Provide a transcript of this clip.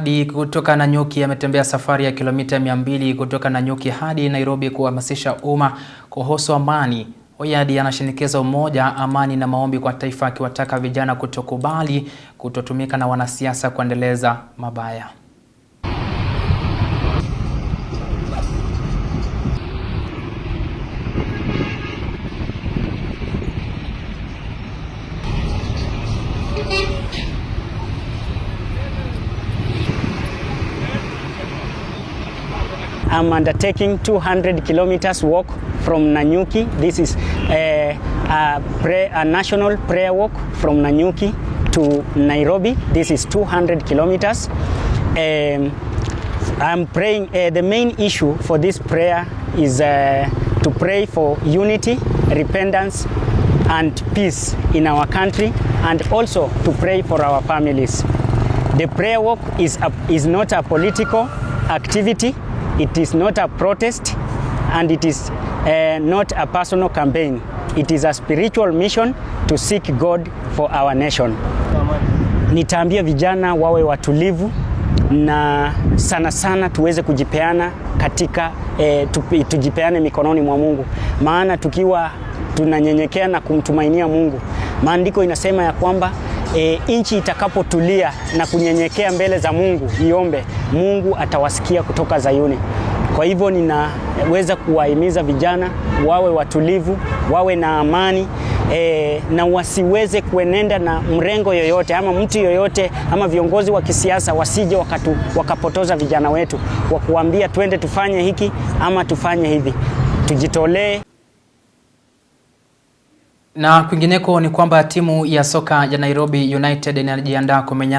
hadi kutoka Nanyuki ametembea safari ya kilomita 200 kutoka Nanyuki hadi Nairobi kuhamasisha umma kuhusu amani. Oyadi anashinikiza umoja, amani na maombi kwa taifa, akiwataka vijana kutokubali kutotumika na wanasiasa kuendeleza mabaya. I'm undertaking 200 kilometers walk from Nanyuki. This is a, a, prayer, a national prayer walk from Nanyuki to Nairobi. This is 200 kilometers. Um, I'm praying uh, the main issue for this prayer is uh, to pray for unity, repentance and peace in our country and also to pray for our families. The prayer walk is, a, is not a political activity. It is not a protest and it is uh, not a personal campaign. It is a spiritual mission to seek God for our nation. Nitaambia vijana wawe watulivu na sana sana tuweze kujipeana katika eh, tujipeane mikononi mwa Mungu, maana tukiwa tunanyenyekea na kumtumainia Mungu, maandiko inasema ya kwamba e, nchi itakapotulia na kunyenyekea mbele za Mungu iombe, Mungu atawasikia kutoka Zayuni. Kwa hivyo ninaweza kuwahimiza vijana wawe watulivu, wawe na amani e, na wasiweze kuenenda na mrengo yoyote ama mtu yoyote ama viongozi wa kisiasa wasije wakatu, wakapotoza vijana wetu wa kuambia twende tufanye hiki ama tufanye hivi. Tujitolee. Na kwingineko ni kwamba timu ya soka ya Nairobi United inajiandaa kumenyana